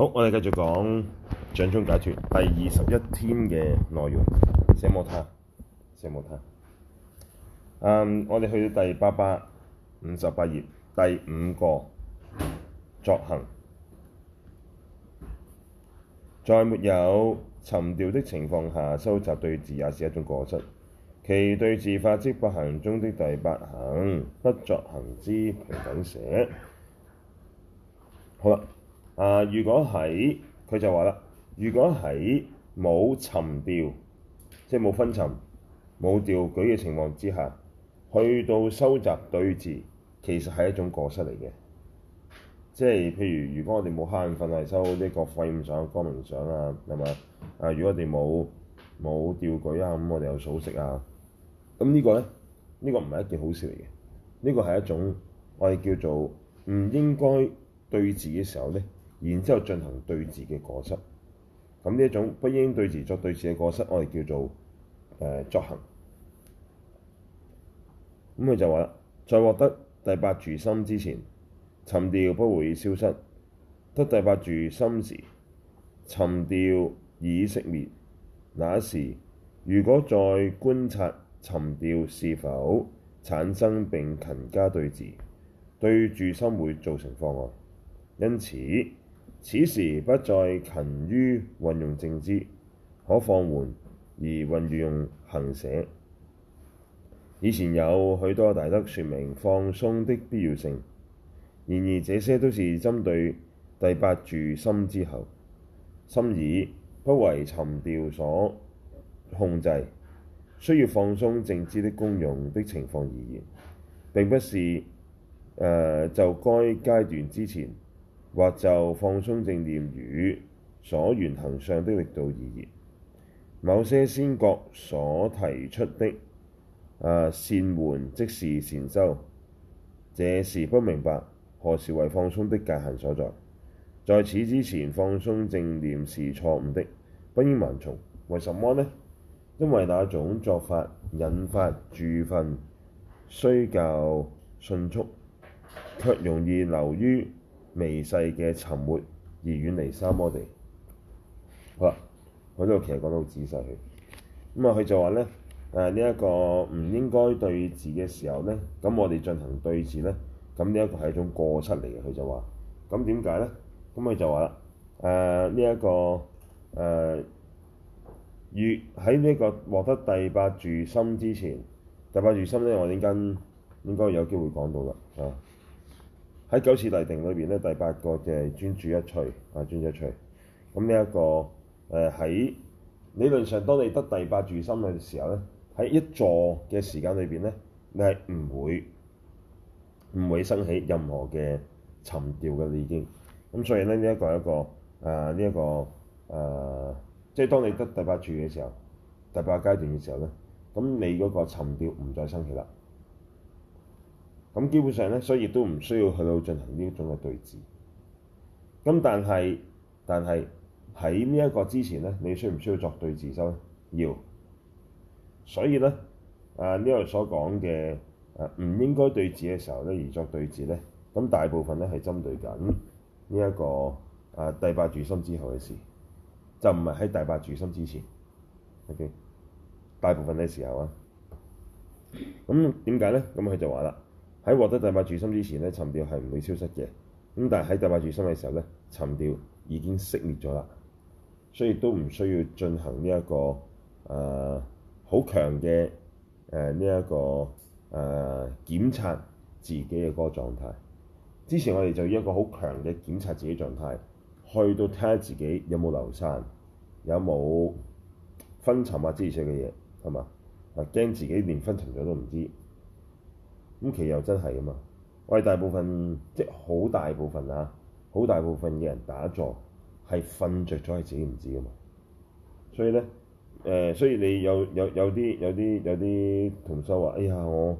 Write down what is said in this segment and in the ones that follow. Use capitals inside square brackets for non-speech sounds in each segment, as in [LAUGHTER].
好，我哋繼續講《掌中解脱》第二十一天嘅內容。奢摩他，奢摩他。誒，um，我哋去到第八百五十八頁第五個作行。在沒有沉掉的情況下，收集對治也是一種過失。其對治法即八行中的第八行不作行之平等捨。好啦。啊！如果喺佢就話啦，如果喺冇沉掉，即係冇昏沉、冇掉舉嘅情況之下，去到修習對治，其實係一種過失嚟嘅。即係譬如，如果我哋冇昏沉係修呢個廢唔想嘅光明想啊，係咪啊？如果我哋冇冇掉舉啊，咁、嗯、我哋有數息啊，咁、嗯這個、呢、這個咧，呢個唔係一件好事嚟嘅。呢、這個係一種我哋叫做唔應該對治嘅時候咧。然之後進行對治嘅過失，咁呢一種不應對治作對治嘅過失，我哋叫做誒、呃、作行。咁、嗯、佢就話：在獲得第八住心之前，沉掉不會消失；得第八住心時，沉掉已熄滅。那時，如果再觀察沉掉是否產生並勤加對治，對住心會造成妨礙，因此，此時不再勤於運用正知，可放緩而運用行捨。以前有許多大德説明放鬆的必要性，然而這些都是針對第八住心之後，心已不為沉掉所控制，需要放鬆正知的功用的情況而言。並不是、呃、就該階段之前。或就放鬆正念與所緣行相的力度而言，某些先覺所提出的、啊、善緩即是善修，這是不明白何時為放鬆的界限所在。在此之前，放鬆正念是錯誤的，不應盲從。為什麼呢？因為那種作法引發住分雖較迅速，卻容易流於微細嘅沉沒而遠離三摩地。好啦，佢呢度其實講得好仔細。咁、嗯、啊，佢就話咧，誒呢一個唔應該對治嘅時候咧，咁我哋進行對治咧，咁呢一個係一種過失嚟嘅。佢就話，咁點解咧？咁佢就話啦，誒呢一個誒、呃，越喺呢一個獲得第八住心之前，第八住心咧，我哋應該應該有機會講到啦，啊、嗯。喺九次第定裏邊咧，第八個就係專注一趣。啊，專注一趣。咁呢一個誒喺、呃、理論上，當你得第八住心嘅時候咧，喺一座嘅時間裏邊咧，你係唔會唔會生起任何嘅沉掉嘅，你已經。咁所以咧，呢、這個、一個係一、呃這個啊，呢一個誒，即、就、係、是、當你得第八住嘅時候，第八階段嘅時候咧，咁你嗰個沉掉唔再生起啦。咁基本上咧，所以都唔需要去到進行呢種嘅對治。咁但係但係喺呢一個之前咧，你需唔需要作對治先？要。所以咧，啊呢度、這個、所講嘅啊唔應該對治嘅時候咧而作對治咧，咁大部分咧係針對緊呢一個啊第八住心之後嘅事，就唔係喺第八住心之前。O.K. 大部分嘅時候啊，咁點解咧？咁佢就話啦。喺獲得第八住心之前咧，沉掉係唔會消失嘅。咁但係喺第八住心嘅時候咧，沉掉已經熄滅咗啦，所以都唔需要進行呢、這、一個誒好、呃、強嘅誒呢一個誒、呃、檢查自己嘅嗰個狀態。之前我哋就一個好強嘅檢查自己狀態，去到睇下自己有冇流散，有冇昏沉啊之類嘅嘢，係嘛？嗱，驚自己連昏沉咗都唔知。咁其實又真係㗎嘛，我哋大部分即係好大部分啊，好大部分嘅人打坐係瞓着咗，係自己唔知㗎嘛。所以咧，誒、呃，所以你有有有啲有啲有啲同修話，哎呀，我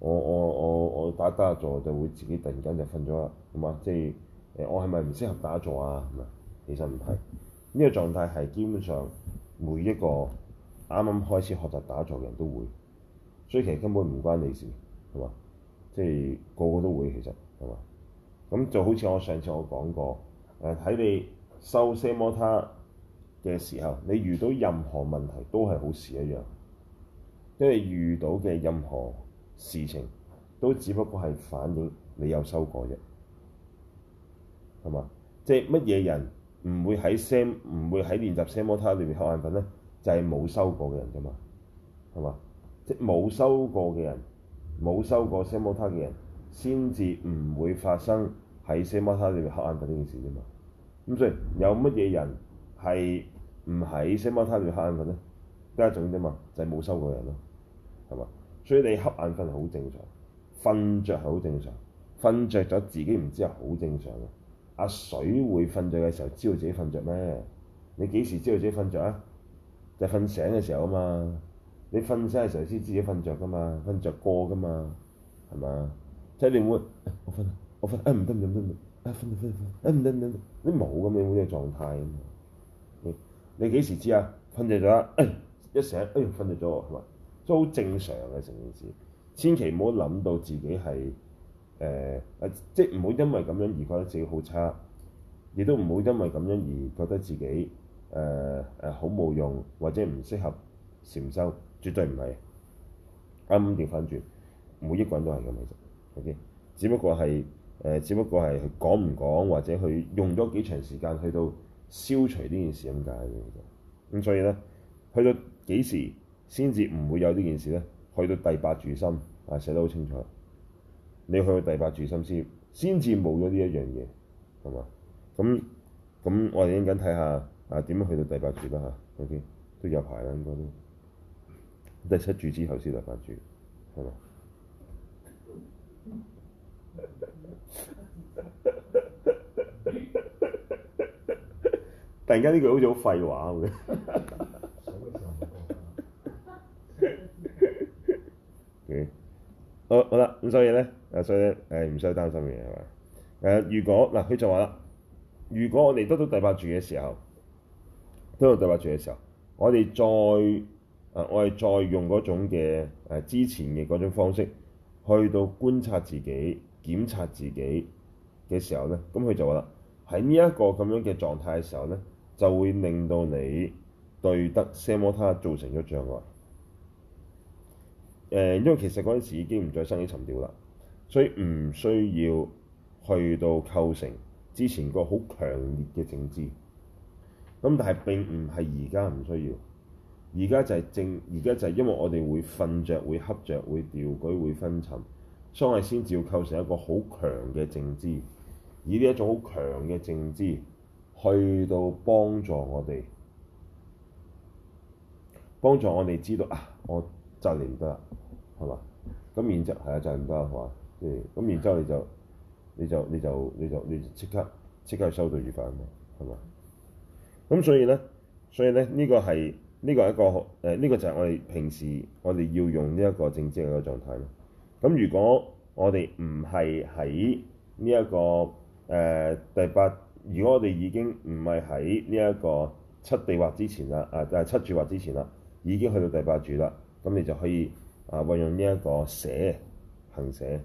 我我我我打打坐就會自己突然間就瞓咗啦，咁嘛？即係誒、呃，我係咪唔適合打坐啊？唔係，其實唔係，呢、這個狀態係基本上每一個啱啱開始學習打坐嘅人都會，所以其實根本唔關你事，係嘛？即係個個都會其實係嘛，咁就好似我上次我講過，誒喺你修奢摩他嘅時候，你遇到任何問題都係好事一樣，因為遇到嘅任何事情都只不過係反映你有修過啫，係嘛？即係乜嘢人唔會喺奢唔會喺練習奢摩他裏面瞌眼瞓咧？就係、是、冇修過嘅人啫嘛，係嘛？即係冇修過嘅人。冇收過三摩他嘅人，先至唔會發生喺三摩他裏面瞌眼瞓呢件事啫嘛。咁所以有乜嘢人係唔喺三摩他裏面瞌眼瞓咧？第一種啫嘛，就係冇收過人咯，係嘛？所以你瞌眼瞓好正常，瞓着係好正常，瞓着咗自己唔知係好正常嘅。阿水會瞓着嘅時候知道自己瞓着咩？你幾時知道自己瞓着啊？就瞓醒嘅時候啊嘛。你瞓曬嘅時候先自己瞓着噶嘛，瞓着過噶嘛，係嘛？即係你會我瞓我瞓，誒唔得唔得唔得，誒瞓瞓瞓，誒唔得唔得，你冇咁樣嘅只狀態。你你幾時知啊？瞓着咗，一醒，哎瞓着咗喎。係嘛，都好正常嘅成件事，千祈唔好諗到自己係誒誒，即係唔好因為咁樣而覺得自己好差，亦都唔好因為咁樣而覺得自己誒誒好冇用或者唔適合禪修。絕對唔係，啱啱調翻轉，每一個人都係咁樣做，OK 只、呃。只不過係誒，只不過係講唔講，或者佢用咗幾長時間去到消除呢件事咁解嘅。咁所以咧，去到幾時先至唔會有呢件事咧？去到第八住心啊，寫得好清楚。你去到第八住心先，先至冇咗呢一樣嘢，係、okay? 嘛？咁咁，我哋一陣間睇下啊，點樣去到第八住啦？嚇，OK，都有排啦，應該都。第七住之後先第八住，係咪？ [LAUGHS] 突然間呢句好似好廢話咁嘅。嗯，好好啦，咁所以咧，啊所以咧，誒唔使擔心嘅係嘛？誒，如果嗱佢就話啦，如果我哋得到第八住嘅時候，得到第八住嘅時候，我哋再。我係再用嗰種嘅誒、呃、之前嘅嗰種方式去到觀察自己、檢查自己嘅時候咧，咁佢就話啦：喺呢一個咁樣嘅狀態嘅時候咧，就會令到你對得奢摩他造成咗障礙。誒、呃，因為其實嗰陣時已經唔再生起沉掉啦，所以唔需要去到構成之前個好強烈嘅正知。咁但係並唔係而家唔需要。而家就係正，而家就係因為我哋會瞓着、會瞌着、會掉舉、會昏沉，所以我哋先至會構成一個好強嘅正知。以呢一種好強嘅正知，去到幫助我哋，幫助我哋知道啊，我就嚟唔得啦，係嘛？咁然之後係啊，就唔得啦，係嘛？咁、嗯、然之後你就你就你就你就你即刻即刻收對治，係嘛？咁所以咧，所以咧，以呢、呢個係。呢個係一個誒，呢個就係我哋平時我哋要用呢一個正知嘅一個狀態咯。咁如果我哋唔係喺呢一個誒第八，如果我哋已經唔係喺呢一個七地畫之前啦，啊，第七住畫之前啦，已經去到第八住啦，咁你就可以啊運用捨捨呢一個捨行捨，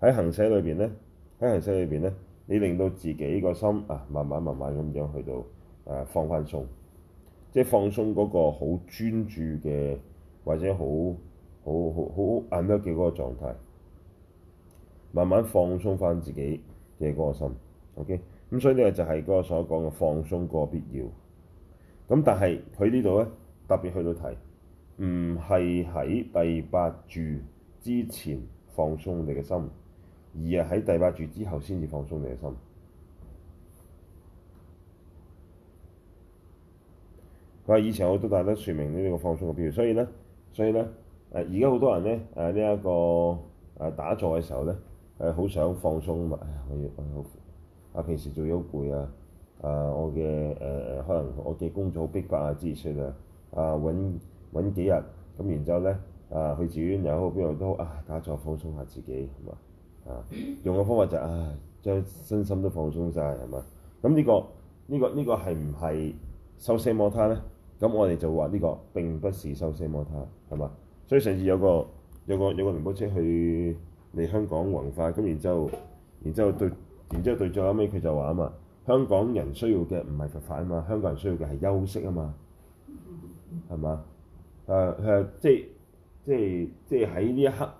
喺行捨裏邊咧，喺行捨裏邊咧，你令到自己個心啊慢慢慢慢咁樣去到誒放返鬆。即係放鬆嗰個好專注嘅，或者好好好好壓得幾嗰個狀態，慢慢放鬆翻自己嘅嗰個心。OK，咁所以呢個就係嗰個所講嘅放鬆個必要。咁但係佢呢度咧，特別去到提，唔係喺第八住之前放鬆你嘅心，而係喺第八住之後先至放鬆你嘅心。佢話以前我都大德説明呢個放鬆嘅標語，所以咧，所以咧，誒而家好多人咧，誒呢一個誒、啊、打坐嘅時候咧，誒、啊、好想放鬆啊嘛、哎，我要我、啊啊啊我啊我啊啊啊、好，啊平時做嘢好攰啊，啊我嘅誒可能我嘅工作好逼迫啊，支出啊，啊揾揾幾日，咁然之後咧，啊去住院又好，邊度都啊打坐放鬆下自己，係嘛，啊用嘅方法就是、啊將身心都放鬆晒。係嘛，咁、這個這個這個、呢個呢個呢個係唔係奢摩他咧？咁我哋就話呢個並不是修奢摩他係嘛，所以上次有個有個有個仁波切去嚟香港弘法，咁然之後，然之後對，然之後對，最後尾佢就話啊嘛，香港人需要嘅唔係佛法啊嘛，香港人需要嘅係休息啊嘛，係嘛？誒誒，即係即係即係喺呢一刻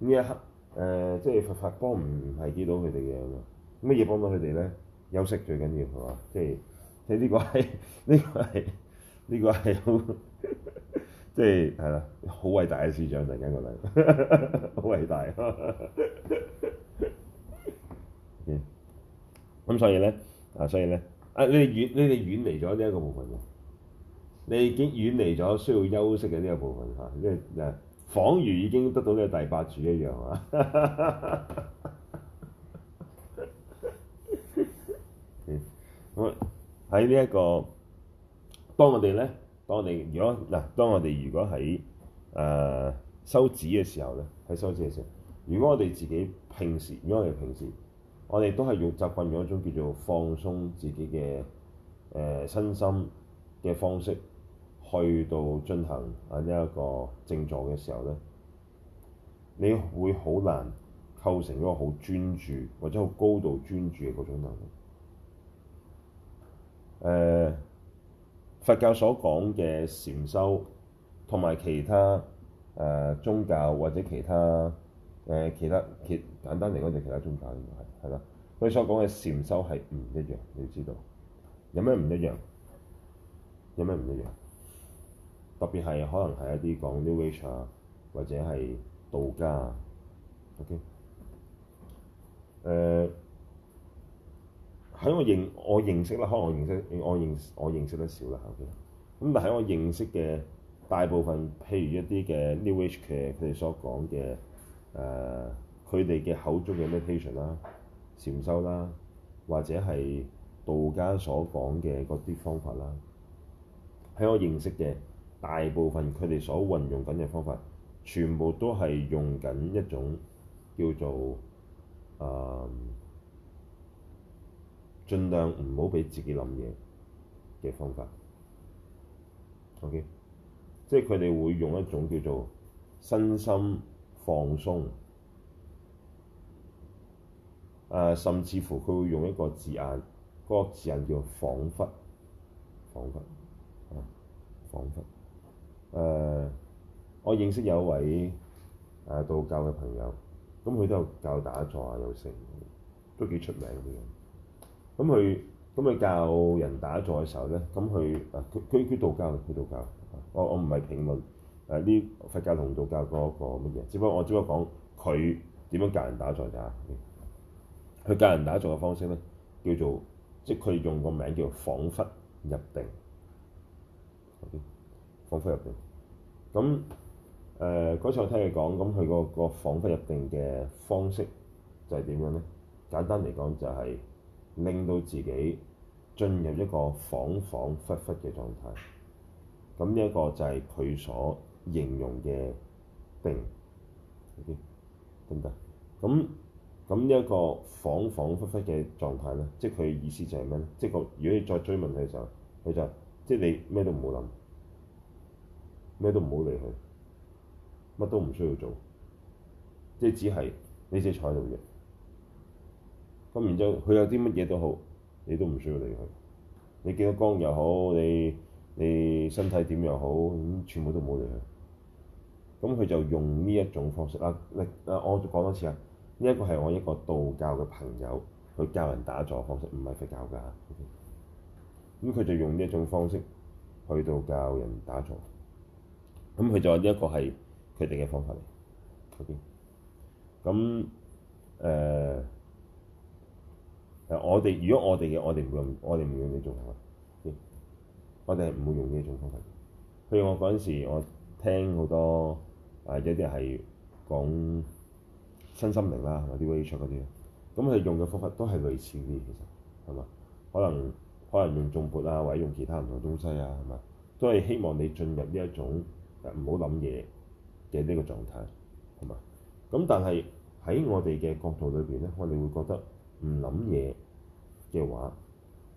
呢一刻誒，即、呃、係佛法幫唔係到佢哋嘅，乜嘢幫到佢哋咧？休息最緊要係嘛？即係你呢個係呢、這個係。呢個係好，即係係啦，好偉大嘅市突然間覺得，好 [LAUGHS] 偉大。咁所以咧，啊，所以咧，啊，你哋遠，你哋遠離咗呢一個部分喎，你已經遠離咗需要休息嘅呢個部分嚇，即係啊，彷如已經得到呢個第八住一樣啊。嗯，咁喺呢一個。當我哋咧，當我哋如果嗱，當我哋如果喺誒修止嘅時候咧，喺修止嘅時候，如果我哋自己平時，如果我哋平時，我哋都係用習慣用一種叫做放鬆自己嘅誒、呃、身心嘅方式去到進行啊一個靜坐嘅時候咧，你會好難構成一個好專注或者好高度專注嘅嗰種能力。誒、呃。佛教所講嘅禪修，同埋其他誒、呃、宗教或者其他誒、呃、其他其簡單嚟講，就其他宗教應該係係啦。佢所講嘅禪修係唔一樣，你知道有咩唔一樣？有咩唔一樣？特別係可能係一啲講 New Age 啊，或者係道家啊。OK，誒、呃。喺我認我認識啦，可能我認識我認我認識得少啦，OK 咁。但喺我認識嘅大部分，譬如一啲嘅 New Age 嘅佢哋所講嘅誒，佢哋嘅口中嘅 meditation 啦、禪修啦，或者係道家所講嘅嗰啲方法啦，喺我認識嘅大部分，佢哋所運用緊嘅方法，全部都係用緊一種叫做誒。呃盡量唔好畀自己諗嘢嘅方法。O.K.，即係佢哋會用一種叫做身心放鬆，啊、呃，甚至乎佢會用一個字眼，嗰、那個字眼叫彷彿，彷彿，彿，啊，彷彿，彿。誒、呃，我認識有一位啊、呃、道教嘅朋友，咁、嗯、佢都有教打坐啊，有成，都幾出名嘅。咁佢咁佢教人打坐嘅時候咧，咁佢啊，佢佢道教佢道教，我我唔係評論誒呢佛教同道教嗰個乜嘢，只不過我只不過講佢點樣教人打坐咋。佢、嗯、教人打坐嘅方式咧，叫做即係佢用個名叫做彷彿入定。嗰啲彷彿入定，咁誒嗰次我聽佢講，咁佢、那個、那個彷彿入定嘅方式就係點樣咧？簡單嚟講就係、是。令到自己進入一個恍恍惚惚嘅狀態，咁一個就係佢所形容嘅病，OK 點解？咁一、okay? 個恍恍惚惚嘅狀態呢即係佢意思就係咩咧？即係個，如果你再追問佢嘅時候，佢就是、即係你咩都唔好諗，咩都唔好理佢，乜都唔需要做，即係只係你自己坐喺度。咁然之後，佢有啲乜嘢都好，你都唔需要理佢。你見到光又好，你你身體點又好，全部都冇理佢。咁佢就用呢一種方式啦。你啊，啊，我講多次啊，呢一個係我一個道教嘅朋友去教人打坐方式，唔係佛教㗎。咁佢就用呢一種方式去到教人打坐。咁佢就話呢一個係佢哋嘅方法嚟。O.K. 咁誒。呃我哋如果我哋嘅，我哋唔會用，我哋唔會用呢種方法。我哋係唔會用呢種方法。譬如我嗰陣時，我聽好多或者啲係講身心靈啦，或者啲 wave check 嗰啲，咁佢用嘅方法都係類似啲，其實係嘛？可能可能用重撥啊，或者用其他唔同東西啊，係嘛？都係希望你進入呢一種唔好諗嘢嘅呢個狀態，係嘛？咁但係喺我哋嘅角度裏邊咧，我哋會覺得。唔諗嘢嘅話，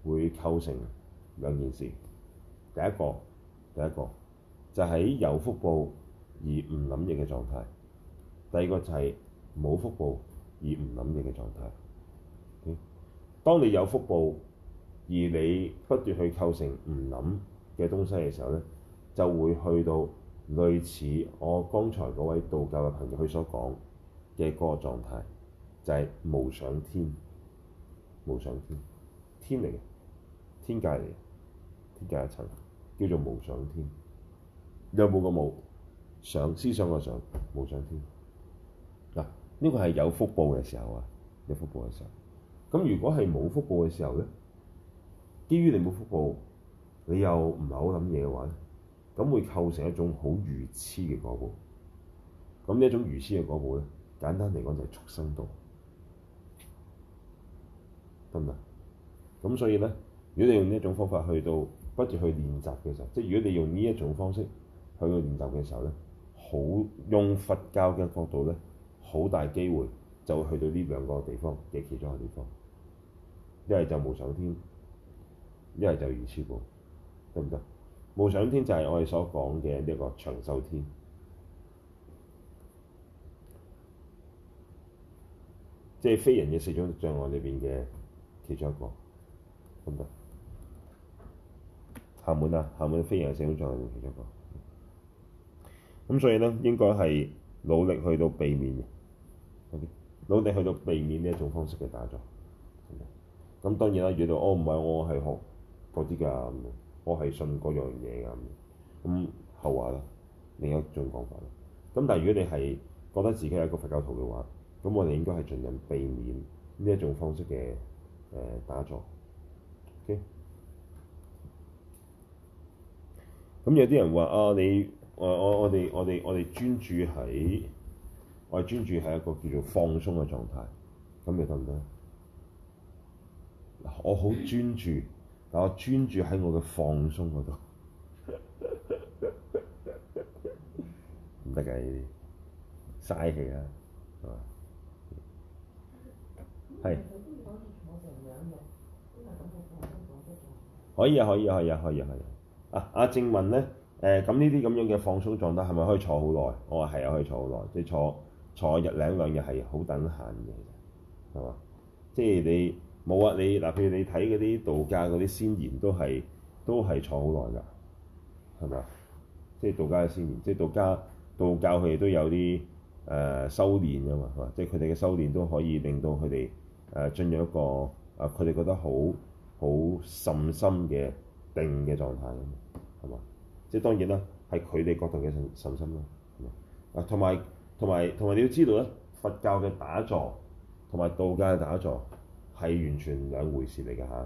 會構成兩件事。第一個，第一個就係有福報而唔諗嘢嘅狀態；第二個就係冇福報而唔諗嘢嘅狀態。Okay? 當你有福報而你不斷去構成唔諗嘅東西嘅時候咧，就會去到類似我剛才嗰位道教嘅朋友佢所講嘅嗰個狀態，就係無上天。無上天，天嚟嘅，天界嚟嘅，天界一層叫做無上天。有冇個冇上思想個上無上天嗱？呢個係有福報嘅時候啊，有福報嘅時候。咁如果係冇福報嘅時候咧，基於你冇福報，你又唔係好諗嘢嘅話咧，咁會構成一種好愚癡嘅果報。咁呢一種愚癡嘅果報咧，簡單嚟講就係畜生道。咁啊，咁所以呢，如果你用呢一種方法去到不斷去練習嘅時候，即係如果你用呢一種方式去到練習嘅時候呢，好用佛教嘅角度呢，好大機會就會去到呢兩個地方嘅其中一個地方，一係就無想天，一係就如師步，得唔得？無想天就係我哋所講嘅呢個長壽天，即係非人嘅四種障礙裏邊嘅。其中一個咁啊，廈門啊，廈門非常社會上係其中一個咁，所以呢，應該係努力去到避免嘅，努力去到避免呢一種方式嘅打坐。咁當然啦、啊，如果我唔係我係學嗰啲㗎，我係信嗰樣嘢㗎，咁後話啦，另一種講法啦。咁但係如果你係覺得自己係一個佛教徒嘅話，咁我哋應該係盡量避免呢一種方式嘅。誒打坐，okay。咁有啲人話啊，你我我我哋我哋我哋專注喺，我係專注喺一個叫做放鬆嘅狀態，咁你得唔得？嗱，我好專注，但我專注喺我嘅放鬆嗰度，唔得嘅，呢啲嘥氣啊，係咪？係。 [NOISE] hey. 可以啊，可以啊，可以啊，可以啊，可以啊！阿、啊、正文咧，誒咁呢啲咁樣嘅放鬆狀態係咪可以坐好耐？我話係啊，可以坐好耐，即係坐坐日兩兩日係好等閒嘅，係嘛？即係你冇啊，你嗱譬如你睇嗰啲道家嗰啲先賢都係都係坐好耐㗎，係嘛？即係道家嘅先賢，即係道家道教佢哋都有啲誒、呃、修練㗎嘛，係嘛？即係佢哋嘅修練都可以令到佢哋誒進入一個啊，呃、佢哋覺得好好甚心嘅定嘅狀態，係嘛？即係當然啦，係佢哋角度嘅甚心啦。啊，同埋同埋同埋，你要知道咧，佛教嘅打坐同埋道教嘅打坐係完全兩回事嚟嘅嚇。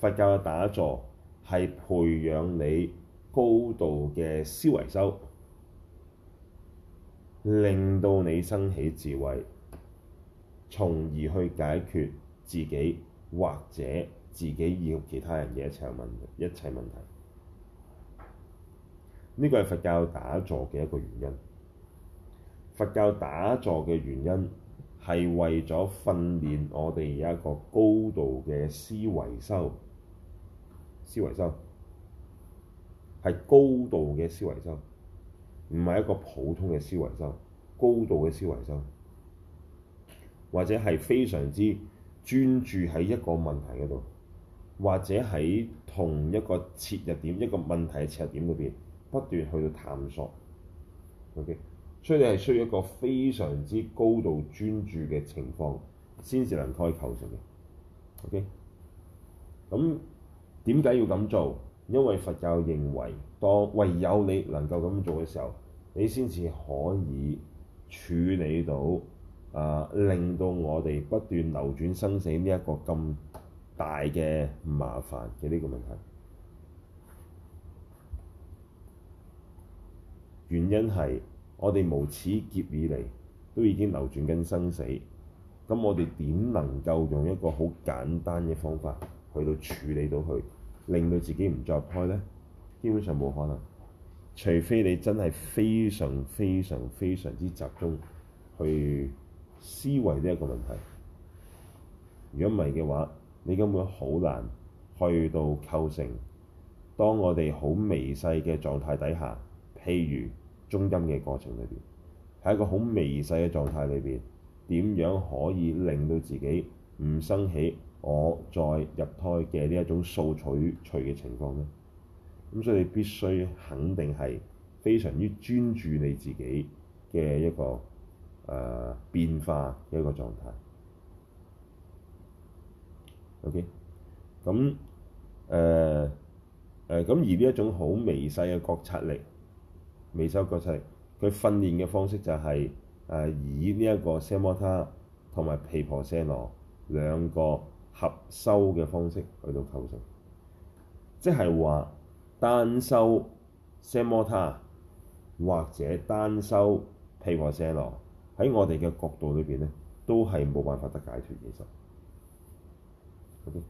佛教嘅打坐係培養你高度嘅思維修，令到你升起智慧，從而去解決自己。或者自己要其他人嘅一切問題，呢個係佛教打坐嘅一個原因。佛教打坐嘅原因係為咗訓練我哋有一個高度嘅思維修，思維修係高度嘅思維修，唔係一個普通嘅思維修，高度嘅思維修，或者係非常之。專注喺一個問題嗰度，或者喺同一個切入點、一個問題嘅切入點裏邊不斷去到探索。OK，所以你係需要一個非常之高度專注嘅情況，先至能開構成嘅。OK，咁點解要咁做？因為佛教認為，當唯有你能夠咁做嘅時候，你先至可以處理到。啊，令到我哋不斷流轉生死呢一個咁大嘅麻煩嘅呢個問題，原因係我哋無始劫以嚟都已經流轉緊生死，咁我哋點能夠用一個好簡單嘅方法去到處理到佢，令到自己唔再開呢？基本上冇可能，除非你真係非常非常非常之集中去。思維呢一個問題，如果唔係嘅話，你根本好難去到構成。當我哋好微細嘅狀態底下，譬如中陰嘅過程裏邊，喺一個好微細嘅狀態裏邊，點樣可以令到自己唔生起我再入胎嘅呢一種數取趣嘅情況呢？咁所以你必須肯定係非常於專注你自己嘅一個。誒、uh, 變化一個狀態，OK，咁誒誒咁而呢一種好微細嘅覺察力，微細覺察，佢訓練嘅方式就係、是、誒、呃、以呢一個 samatha 同埋 vipassana 兩個合收嘅方式去到構成，即係話單收 samatha 或者單收 vipassana 喺我哋嘅角度裏邊咧，都係冇辦法得解脫嘅事。Okay.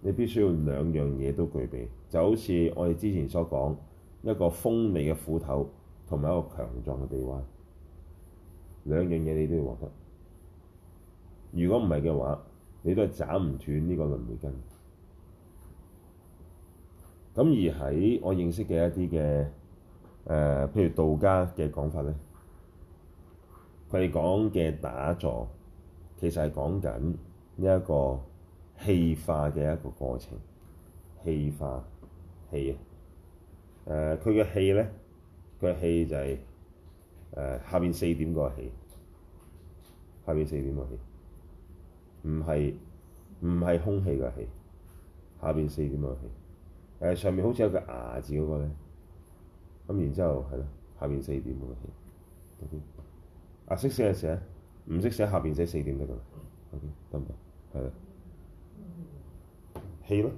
你必須要兩樣嘢都具備，就好似我哋之前所講，一個鋒利嘅斧頭同埋一個強壯嘅臂彎，兩樣嘢你都要獲得。如果唔係嘅話，你都係斬唔斷呢個輪迴根。咁而喺我認識嘅一啲嘅誒，譬如道家嘅講法咧。佢哋講嘅打坐，其實係講緊呢一個氣化嘅一個過程。氣化氣啊，誒，佢嘅氣咧，佢嘅氣就係誒下邊四點個氣，下邊四點個氣，唔係，唔係空氣嘅氣，下邊四點個氣。誒上面好似有個牙字嗰個咧，咁然之後係咯，下邊四點個氣。啊，識寫就寫，唔識寫下邊寫四點得㗎啦。嗯、OK，得唔得？係啦，嗯、氣咯，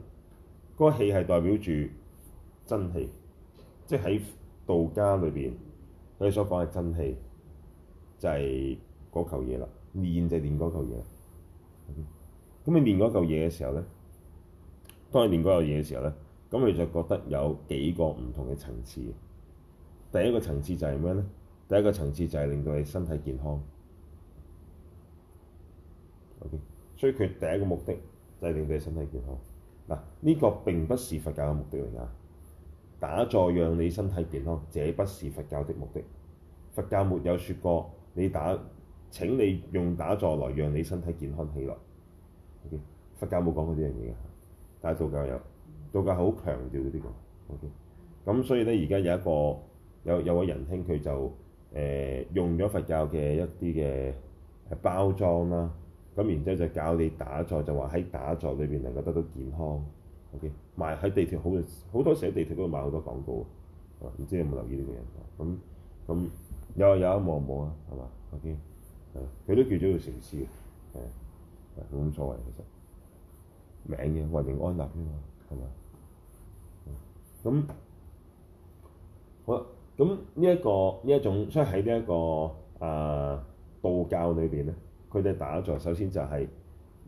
嗰、個氣係代表住真氣，即係喺道家裏邊佢哋所講嘅真氣，就係嗰嚿嘢啦。練就練嗰嚿嘢啦。咁、okay? 你練嗰嚿嘢嘅時候咧，當你練嗰嚿嘢嘅時候咧，咁你就覺得有幾個唔同嘅層次。第一個層次就係咩咧？第一個層次就係令到你身體健康，OK，所以佢第一個目的就係令到你身體健康。嗱，呢個並不是佛教嘅目的嚟啊！打坐讓你身體健康，這不是佛教的目的。佛教沒有説過你打，請你用打坐來讓你身體健康起來。OK，佛教冇講過呢樣嘢嘅，但係道教有，道教好強調呢個。OK，咁所以呢，而家有一個有有位仁兄，佢就。誒用咗佛教嘅一啲嘅包裝啦，咁然之後就教你打坐，就話喺打坐裏邊能夠得到健康。OK，賣喺地鐵好，好多時地鐵都會賣好多廣告啊。唔知你有冇留意呢個人？咁咁有啊有啊，冇啊冇啊，係、啊、嘛、啊、？OK，誒、啊，佢都叫咗做城市啊，誒、啊，冇乜所謂其實，名嘅，唯名安立啫啊，係、啊、嘛？咁好啦。咁呢一個呢一種，所以喺呢一個啊、呃、道教裏邊咧，佢哋打坐首先就係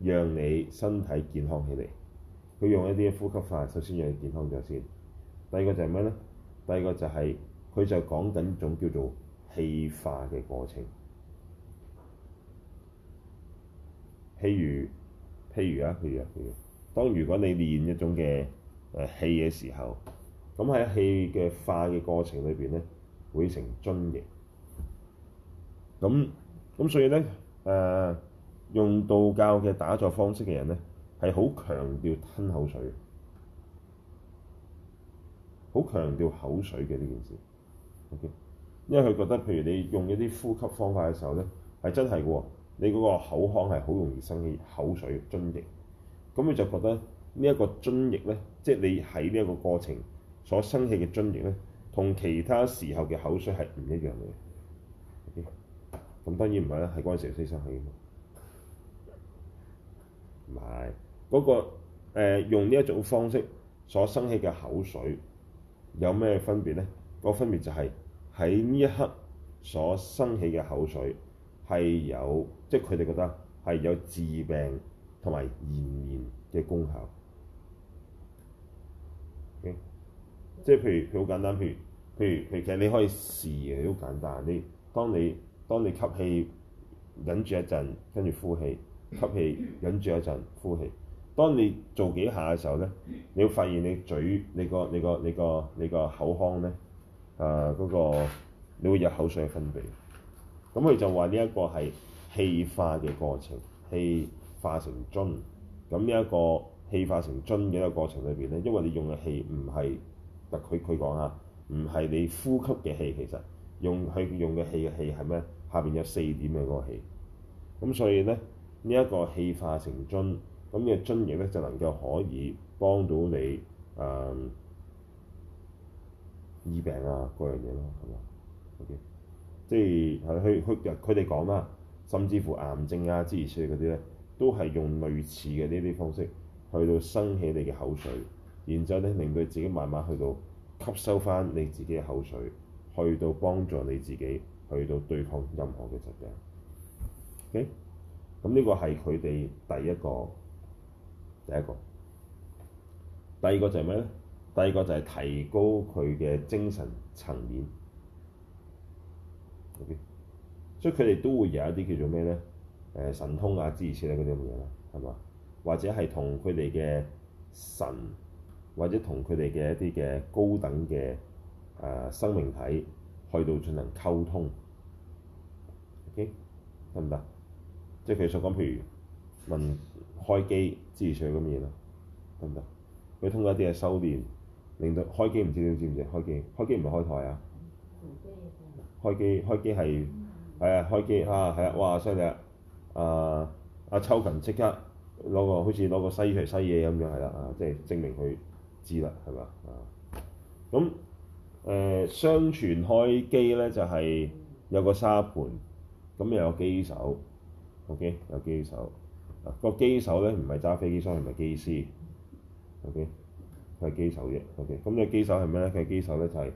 讓你身體健康起嚟。佢用一啲呼吸法，首先讓你健康咗先。第二個就係咩咧？第二個就係佢就講緊一種叫做氣化嘅過程。譬如譬如啊，譬如啊，譬如，當如果你練一種嘅誒、呃、氣嘅時候。咁喺氣嘅化嘅過程裏邊咧，會成津液。咁咁，所以咧，誒、呃、用道教嘅打坐方式嘅人咧，係好強調吞口水，好強調口水嘅呢件事。O.K.，因為佢覺得，譬如你用一啲呼吸方法嘅時候咧，係真係嘅喎。你嗰個口腔係好容易生啲口水津液。咁佢就覺得、這個、呢一個津液咧，即、就、係、是、你喺呢一個過程所生起嘅津液咧，同其他時候嘅口水係唔一樣嘅。咁、哎、當然唔係啦，係嗰陣時先生起嘅嘛。同埋嗰個、呃、用呢一種方式所生起嘅口水有咩分別咧？個分別就係喺呢一刻所生起嘅口水係有，即係佢哋覺得係有治病同埋延年嘅功效。即係譬如佢好簡單，譬如譬如，譬如其實你可以試嘅，好簡單。你當你當你吸氣，忍住一陣，跟住呼氣，吸氣，忍住一陣，呼氣。當你做幾下嘅時候咧，你會發現你嘴、你個、你個、你個、你個口腔咧，啊、呃、嗰、嗰個，你會有口水分泌。咁佢就話呢一個係氣化嘅過程，氣化成樽。咁呢一個氣化成樽嘅一個過程裏邊咧，因為你用嘅氣唔係。佢佢講啊，唔係你呼吸嘅氣，其實用佢用嘅氣嘅氣係咩？下邊有四點嘅嗰個氣，咁所以咧呢一個氣化成津，咁嘅津液咧就能夠可以幫到你誒醫病啊各樣嘢咯，係嘛？O K，即係係佢佢佢哋講啦，甚至乎癌症啊之類出嚟嗰啲咧，都係用類似嘅呢啲方式去到生起你嘅口水。然之後咧，令到自己慢慢去到吸收返你自己嘅口水，去到幫助你自己，去到對抗任何嘅疾病。O.K.，咁、嗯、呢、呢個係佢哋第一個，第一個。第二個就係咩咧？第二個就係提高佢嘅精神層面。O.K.，所以佢哋都會有一啲叫做咩咧？誒、呃、神通啊之類似嗰啲咁嘅嘢啦，係嘛？或者係同佢哋嘅神。或者同佢哋嘅一啲嘅高等嘅啊、呃、生命體去到進行溝通，OK 得唔得？即係佢所講，譬如問開機支持咗幾多年啊？得唔得？佢通過一啲嘅修練，令到開機，唔知你知唔知開機？開機唔係開台啊？開機，開機係，係啊，開機啊，係啊，哇，犀利啊，啊，阿秋勤，即刻攞個，好似攞個西嘢，西嘢咁樣，係啦，啊，即係證明佢。知啦，係嘛啊？咁、嗯、誒、呃、雙傳開機咧，就係、是、有個沙盤，咁又有機手，OK，有機手。嗱、啊 okay? okay? 個機手咧，唔係揸飛機商，係咪機師？OK，係機手嘅。OK，咁你機手係咩咧？佢機手咧就係、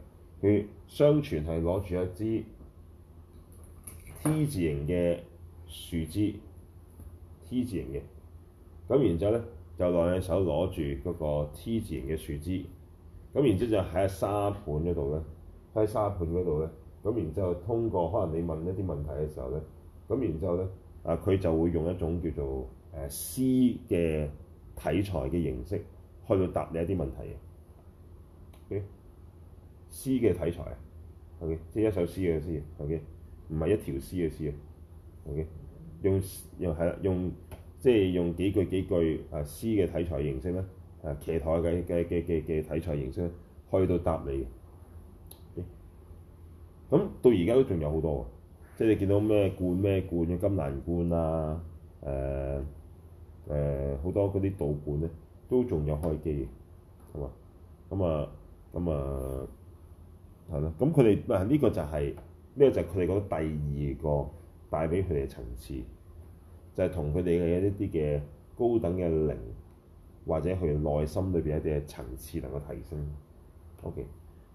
是、佢雙傳係攞住一支 T 字型嘅樹枝，T 字型嘅。咁然之後咧。就兩隻手攞住嗰個 T 字形嘅樹枝，咁然之後就喺沙盤嗰度咧，喺沙盤嗰度咧，咁然之後通過可能你問一啲問題嘅時候咧，咁然之後咧，啊佢就會用一種叫做誒詩嘅體裁嘅形式去答你一啲問題嘅，啲詩嘅體裁啊，OK，即係一首詩嘅詩，OK，唔係一條詩嘅詩啊，OK，用又係用，用用用即係用幾句幾句啊詩嘅體裁形式咧，啊騎台嘅嘅嘅嘅嘅體裁形式咧，去到答你咁、欸、到而家都仲有好多，即係你見到咩觀咩觀嘅金蘭觀啦、啊，誒誒好多嗰啲道觀咧，都仲有開機嘅，好、嗯、嘛？咁、嗯、啊咁、嗯、啊係啦，咁佢哋嗱呢個就係、是、呢、這個就係佢哋覺得第二個帶俾佢哋層次。就係同佢哋嘅一啲嘅高等嘅靈，或者佢內心裏邊一啲嘅層次能夠提升。O.K.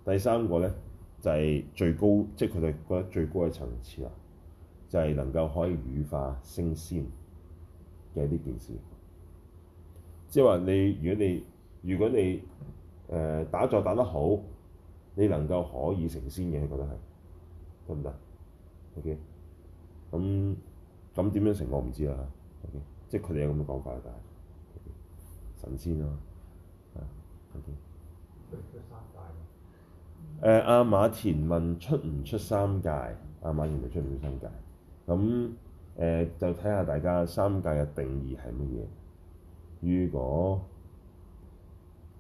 第三個咧就係、是、最高，即係佢哋覺得最高嘅層次啊，就係、是、能夠可以羽化升仙嘅呢件事。即係話你，如果你如果你誒、呃、打坐打得好，你能夠可以成仙嘅，你覺得係得唔得？O.K. 咁、嗯。咁點樣成我唔知啊。Okay? 即係佢哋有咁嘅講法，但、okay? 神仙咯、啊 okay? 呃。啊阿馬田問出唔出三界？阿、啊、馬田就出唔出三界？咁誒、呃，就睇下大家三界嘅定義係乜嘢。如果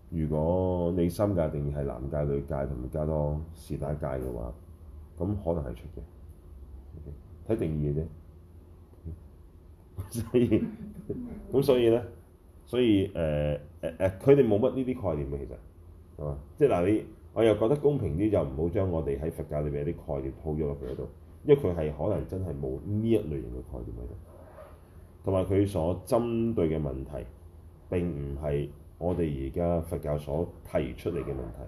如果你三界定義係男界、女界，同埋加多士打界嘅話，咁可能係出嘅。睇、okay? 定義嘅啫。所以咁，所以咧，所以誒誒誒，佢哋冇乜呢啲概念嘅，其實係嘛？即係嗱，你我又覺得公平啲，就唔好將我哋喺佛教裏邊啲概念鋪咗落佢嗰度，因為佢係可能真係冇呢一類型嘅概念喺度，同埋佢所針對嘅問題並唔係我哋而家佛教所提出嚟嘅問題。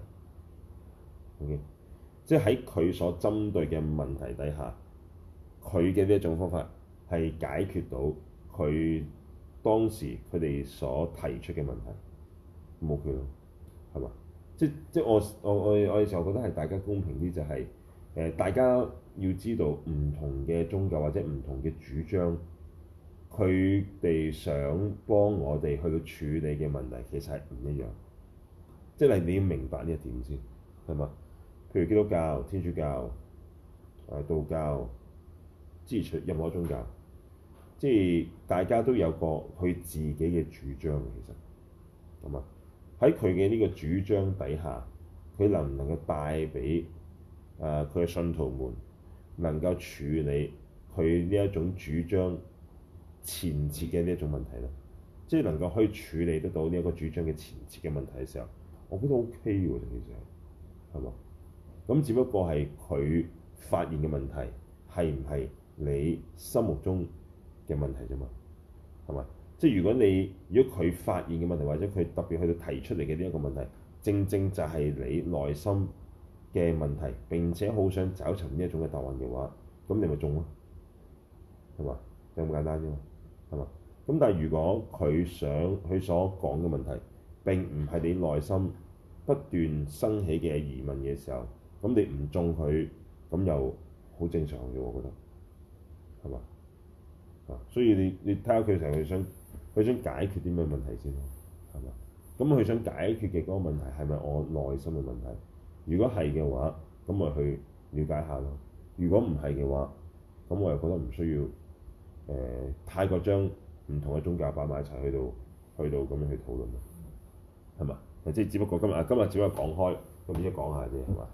O.K.，即係喺佢所針對嘅問題底下，佢嘅呢一種方法。係解決到佢當時佢哋所提出嘅問題，冇佢咯，係嘛？即即我我我我哋就覺得係大家公平啲就係、是、誒、呃，大家要知道唔同嘅宗教或者唔同嘅主張，佢哋想幫我哋去處理嘅問題其實係唔一樣，即係你要明白呢一點先，係嘛？譬如基督教、天主教、誒道教，支持任何宗教。即係大家都有個佢自己嘅主張，其實，係嘛，喺佢嘅呢個主張底下，佢能唔能夠帶俾誒佢嘅信徒們能夠處理佢呢一種主張前設嘅呢一種問題咧？即係能夠可以處理得到呢一個主張嘅前設嘅問題嘅時候，我覺得 OK 喎。其實係，係嘛，咁，只不過係佢發現嘅問題係唔係你心目中？嘅問題啫嘛，係嘛？即係如果你如果佢發現嘅問題，或者佢特別去提出嚟嘅呢一個問題，正正就係你內心嘅問題，並且好想找尋呢一種嘅答案嘅話，咁你咪中咯，係嘛？就咁簡單啫嘛，係嘛？咁但係如果佢想佢所講嘅問題並唔係你內心不斷生起嘅疑問嘅時候，咁你唔中佢，咁又好正常嘅，我覺得，係嘛？所以你你睇下佢成日想佢想解決啲咩問題先，係嘛？咁佢想解決嘅嗰個問題係咪我內心嘅問題？如果係嘅話，咁咪去了解下咯。如果唔係嘅話，咁我又覺得唔需要誒、呃、太過將唔同嘅宗教擺埋一齊去到去到咁樣去討論咯，係嘛？即係只不過今日今日只不過講開咁先講下啫，係嘛？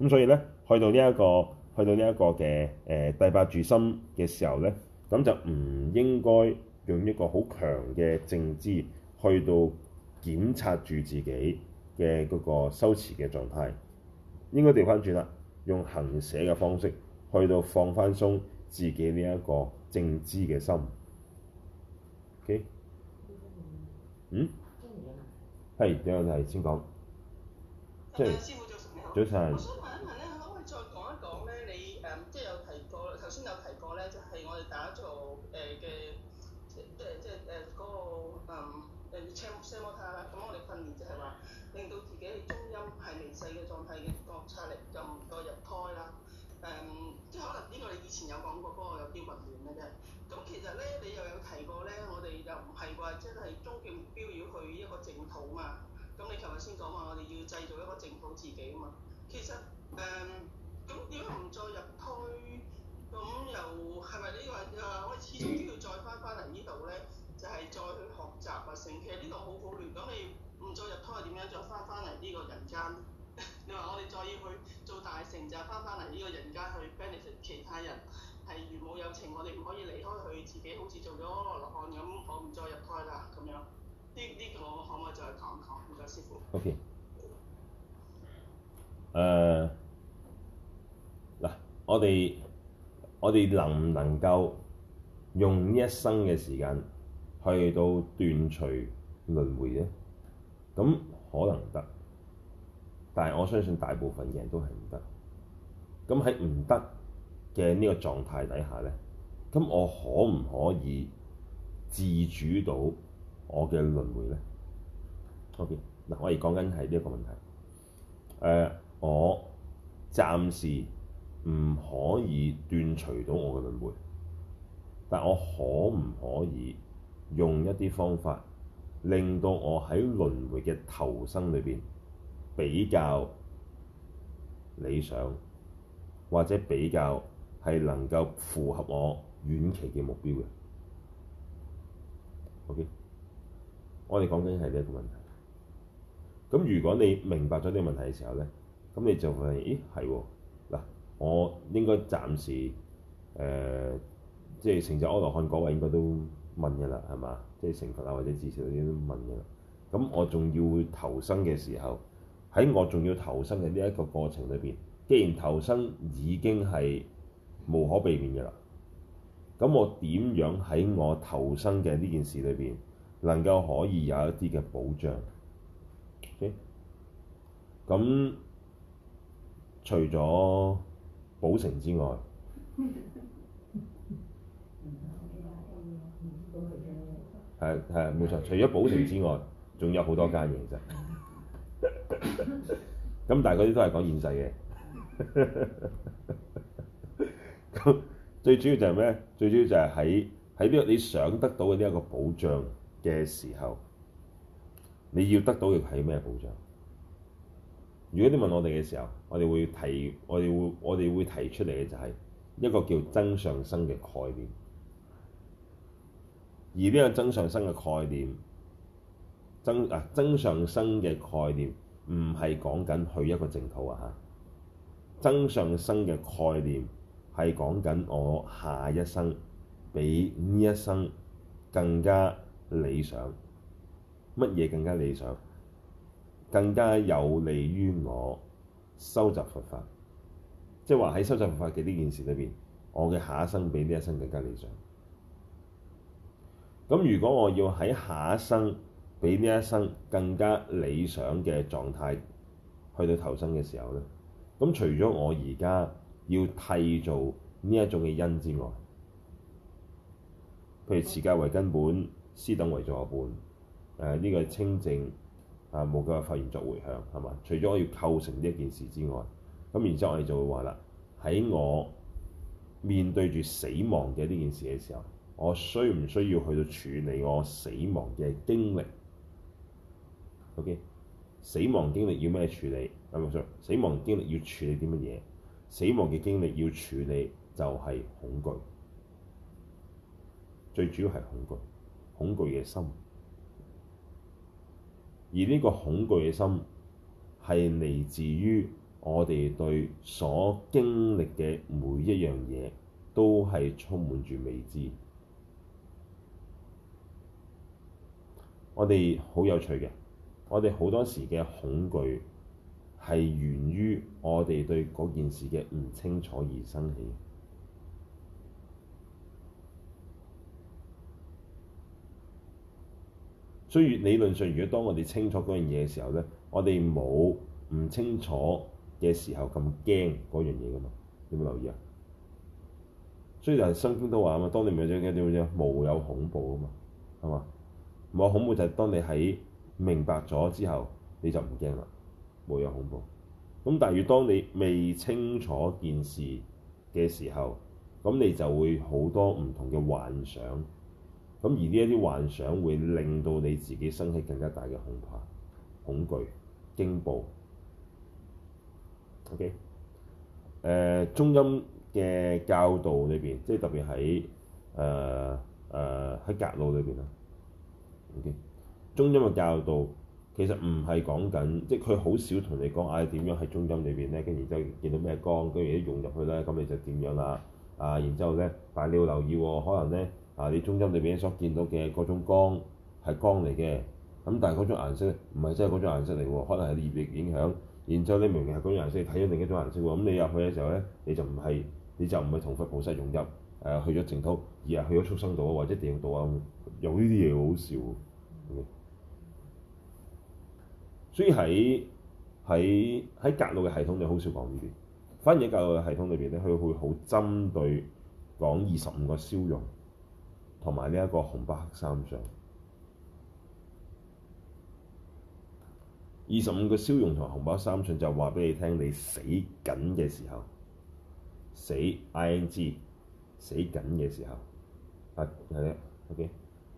咁、okay? 所以咧，去到呢一個。去到呢一個嘅誒、呃、第八住心嘅時候咧，咁就唔應該用一個好強嘅正知去到檢查住自己嘅嗰個修持嘅狀態，應該調翻轉啦，用行捨嘅方式去到放翻鬆自己呢一個正知嘅心。OK，嗯，係，第二題先講，即係早晨。唔再入胎係點樣？再翻翻嚟呢個人間， [LAUGHS] 你話我哋再要去做大成就，翻翻嚟呢個人間去 benefit 其他人，係如母有情，我哋唔可以離開佢自己，好似做咗安樂落漢咁，我唔再入胎啦咁樣。呢、這、呢個可唔可以再講講？唔該，謝謝師傅。O.K. 唉，嗱，我哋我哋能唔能夠用一生嘅時間去到斷除輪迴咧？咁可能唔得，但係我相信大部分嘅人都係唔得。咁喺唔得嘅呢個狀態底下咧，咁我可唔可以自主到我嘅輪回咧？o k 嗱，okay, 我而家講緊係呢一個問題。誒、呃，我暫時唔可以斷除到我嘅輪回，但我可唔可以用一啲方法？令到我喺輪迴嘅投生裏邊比較理想，或者比較係能夠符合我遠期嘅目標嘅。OK，我哋講緊係呢個問題。咁如果你明白咗呢個問題嘅時候咧，咁你就會問，咦係喎，嗱，我應該暫時誒，即、呃、係成就阿羅漢嗰位應該都問嘅啦，係嘛？即係成分啊，或者至少啲都問嘅啦。咁我仲要，要投生嘅時候，喺我仲要投生嘅呢一個過程裏邊，既然投生已經係無可避免嘅啦，咁我點樣喺我投生嘅呢件事裏邊，能夠可以有一啲嘅保障 o、okay? 咁除咗補成之外。 [LAUGHS] 係，係冇錯，除咗保誠之外，仲有好多間嘅，其實，咁但係嗰啲都係講現世嘅。咁最主要就係咩？最主要就係喺喺呢個你想得到嘅呢一個保障嘅時候，你要得到嘅係咩保障？如果你問我哋嘅時候，我哋會提我哋會我哋會提出嚟嘅就係一個叫增上生嘅概念。而呢個增上生嘅概念，增啊增上生嘅概念唔係講緊去一個正道淨土啊嚇，增上生嘅概念係講緊我下一生比呢一生更加理想。乜嘢更加理想？更加有利於我收集佛法，即係話喺收集佛法嘅呢件事裏邊，我嘅下一生比呢一生更加理想。咁如果我要喺下一生比呢一生更加理想嘅狀態去到投生嘅時候咧，咁除咗我而家要替做呢一種嘅因之外，譬如持戒為根本，施等為助伴，誒、呃、呢、這個清淨啊、呃、無垢嘅發願作迴向係嘛？除咗我要構成呢一件事之外，咁然之後我哋就會話啦，喺我面對住死亡嘅呢件事嘅時候。我需唔需要去到處理我死亡嘅經歷？OK，死亡經歷要咩處理？諗下先。死亡經歷要處理啲乜嘢？死亡嘅經歷要處理就係恐懼，最主要係恐懼，恐懼嘅心。而呢個恐懼嘅心係嚟自於我哋對所經歷嘅每一樣嘢都係充滿住未知。我哋好有趣嘅，我哋好多時嘅恐懼係源於我哋對嗰件事嘅唔清楚而生起。所以理論上，如果當我哋清楚嗰樣嘢嘅時候咧，我哋冇唔清楚嘅時候咁驚嗰樣嘢㗎嘛？有冇留意啊？所以就係《心經》都話啊嘛，當你唔係驚點會啫？冇有，有，有恐怖啊嘛，係嘛？冇恐怖就係當你喺明白咗之後，你就唔驚啦，冇有恐怖。咁但係，如果你未清楚件事嘅時候，咁你就會好多唔同嘅幻想。咁而呢一啲幻想會令到你自己生起更加大嘅恐怕、恐懼、驚怖。OK，誒、呃、中陰嘅教導裏邊，即係特別喺誒誒喺隔路裏邊啊。Okay. 中陰嘅教導其實唔係講緊，即係佢好少同你講，唉點樣喺中陰裏邊咧，跟住之後見到咩光，跟住一融入去咧，咁你就點樣啦？啊，然之後咧，但你要留意喎，可能咧啊，你中陰裏邊所見到嘅各種光係光嚟嘅，咁但係嗰種顏色咧唔係真係嗰種顏色嚟喎，可能係業力影響。然之後你明明係嗰種顏色，睇咗另一種顏色喎，咁你入去嘅時候咧，你就唔係，你就唔係同佛菩薩融入。去咗淨土，而係去咗畜生道啊，或者地獄道啊，有呢啲嘢好笑。所以喺喺喺格魯嘅系統就好少講呢啲。反而喺格魯嘅系統裏邊咧，佢會好針對講二十五個消融同埋呢一個紅白三相。二十五個消融同紅白三相就話畀你聽，你死緊嘅時候死 i n g。死緊嘅時候，啊係 OK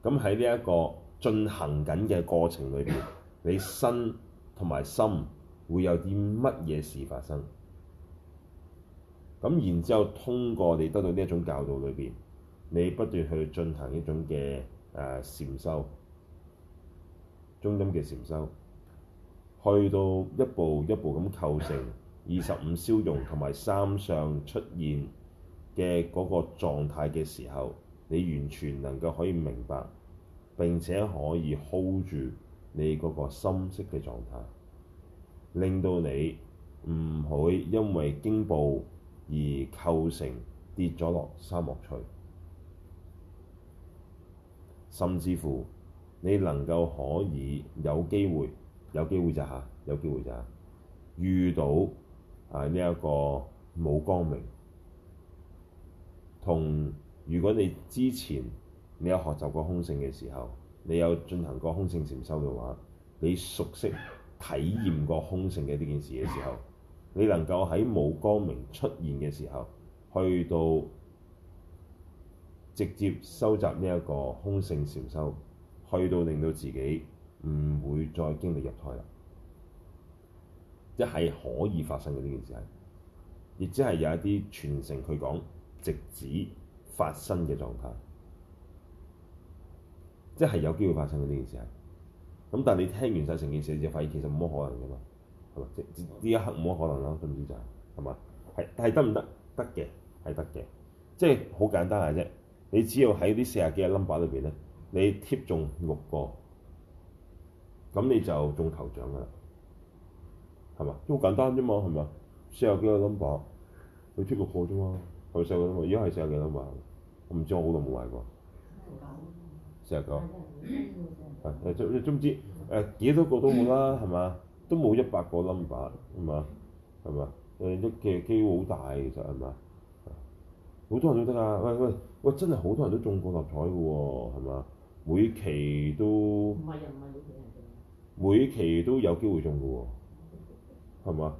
咁喺呢一個進行緊嘅過程裏邊，你身同埋心會有啲乜嘢事發生？咁然之後，通過你得到呢一種教導裏邊，你不斷去進行一種嘅誒、啊、禪修，中陰嘅禪修，去到一步一步咁構成二十五消融同埋三相出現。嘅嗰個狀態嘅時候，你完全能夠可以明白並且可以 hold 住你嗰個心息嘅狀態，令到你唔會因為驚暴而構成跌咗落沙漠錘，甚至乎你能夠可以有機會有機會咋、就、嚇、是、有機會咋、就是、遇到啊呢一、這個冇光明。同如果你之前你有學習過空性嘅時候，你有進行過空性禪修嘅話，你熟悉體驗過空性嘅呢件事嘅時候，你能夠喺冇光明出現嘅時候，去到直接收集呢一個空性禪修，去到令到自己唔會再經歷入胎啦，即係可以發生嘅呢件事係，亦即係有一啲傳承佢講。直指發生嘅狀態，即係有機會發生嘅呢件事啊！咁但係你聽完晒成件事，你就發現其實冇乜可能㗎嘛，係嘛？即係呢一刻冇乜可能啦，最主要就係係嘛？係係得唔得？得嘅係得嘅，即係好簡單嘅啫。你只要喺呢四十幾個 number 裏邊咧，你貼中六個，咁你就中頭獎㗎啦，係嘛？都好簡單啫嘛，係咪啊？四十幾個 number，你貼六個啫嘛。佢收幾多碼？而家係四廿幾粒碼，我唔知我好耐冇買過。四廿九。係，誒，總之，誒，幾多個都冇啦，係嘛？都冇一百個 number，係嘛？係嘛？誒，一嘅機會好大，其實係嘛？好多人都得啊！喂喂喂，真係好多人都中過六合彩嘅喎，係嘛？每期都。每期都有機會中嘅喎，係嘛？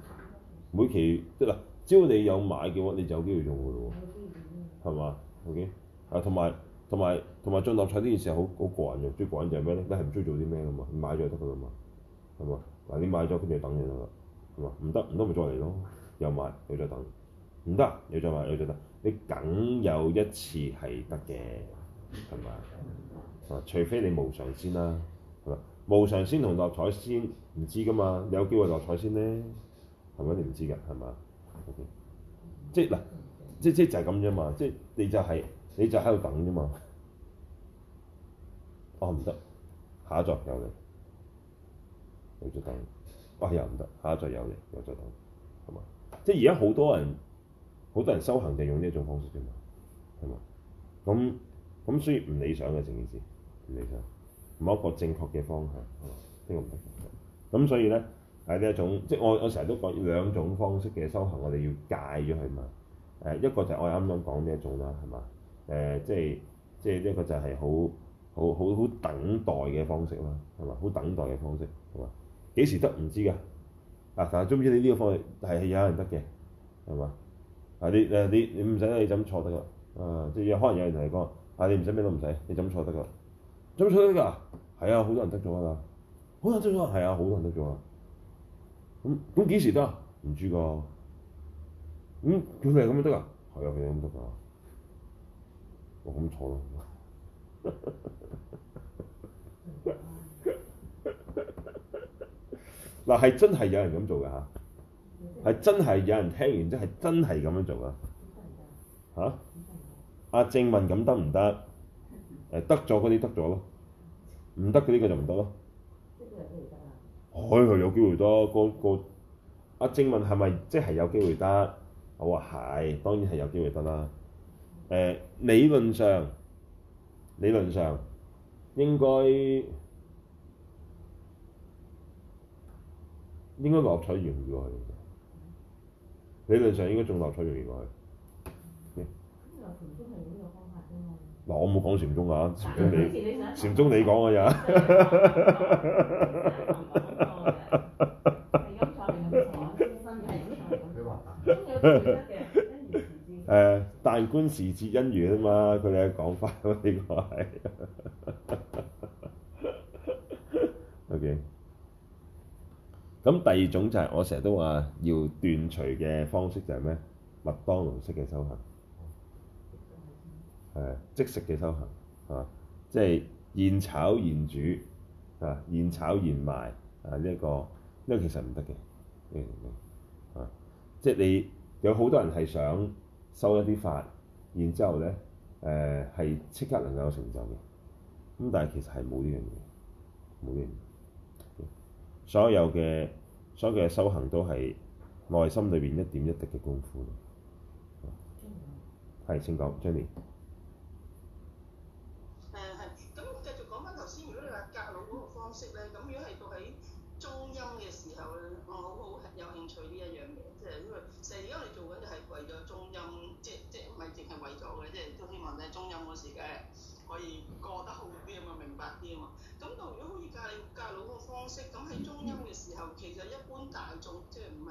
每期得啦。只要你有買嘅話，你就有機會用嘅咯喎，係嘛？嗯？OK，啊同埋同埋同埋做六合彩呢件事係好好個人嘅，最個人就係咩咧？你係唔中意做啲咩嘅嘛？你買咗就得嘅嘛？係嘛？嗱，你買咗跟住等就得啦，係嘛？唔得唔得咪再嚟咯，又買又再等，唔得又再買又再，再等，你梗有一次係得嘅，係咪？啊，除非你無常先啦，啊，係嘛？無常先同落彩先唔知嘅嘛？有機會落彩先咧，係咪你唔知嘅？係嘛？Okay. 即係嗱，即即就係咁啫嘛，即係你就係、是、你就喺度等啫嘛。哦唔得，下一座有嘅，我在等。哇、哦、又唔得，下一座有嘅，又在等，係嘛？即係而家好多人，好多人修行就用呢一種方式啫嘛，係嘛？咁咁所以唔理想嘅成件事，唔理想，唔係一個正確嘅方向，呢、這個唔得，咁所以咧。係呢一種，即係我我成日都講兩種方式嘅修行，我哋要戒咗佢嘛。誒，一個就係我啱啱講呢一種啦，係嘛？誒、嗯，即係即係一個就係好好好好等待嘅方式啦，係嘛？好等待嘅方，、啊、方式，係嘛？幾時得？唔知㗎。啊，但係知唔知你呢個方式係有人得嘅，係嘛？啊，你啊你你唔使你就咁坐得㗎。啊，即係可能有人同你講，啊你唔使咩都唔使，你就咁坐得㗎。就咁坐得㗎？係啊，好多人得咗㗎。好多人得咗係啊，好多人得咗啊。咁咁幾時得？唔知㗎。咁佢哋係咁樣得㗎。係啊，佢哋咁得㗎。我咁坐咯。嗱，係真係有人咁做㗎吓。係真係有人聽完之後真係咁樣做㗎。吓、啊？阿、啊、正問咁得唔得？誒得咗嗰啲得咗咯，唔得嗰啲佢就唔得咯。可以佢有機會多，個個阿正問係咪即係有機會得？我話係，當然係有機會得啦。誒、呃、理論上，理論上，理論上應該應該落彩完過去。理論上應該仲落彩完過去。嗱、嗯 Okay. 嗯，我冇講禪宗啊，禪宗你禪宗 [LAUGHS] 你講啊，又。誒大觀時節恩怨啊嘛，佢哋嘅講法呢個係。OK，咁第二種就係我成日都話要斷除嘅方式就係咩？麥當勞式嘅修行， [LAUGHS] [LAUGHS] [LAUGHS] 即食嘅修行啊，即係現炒現煮啊，現炒現賣啊呢一、這個，呢、這、為、個、其實唔得嘅，誒誒啊，即係你。有好多人係想修一啲法，然之後咧，誒係即刻能夠有成就嘅，咁但係其實係冇呢樣嘢，冇呢樣嘢。所有嘅所有嘅修行都係內心裏邊一點一滴嘅功夫咯。係光，請講 Jenny。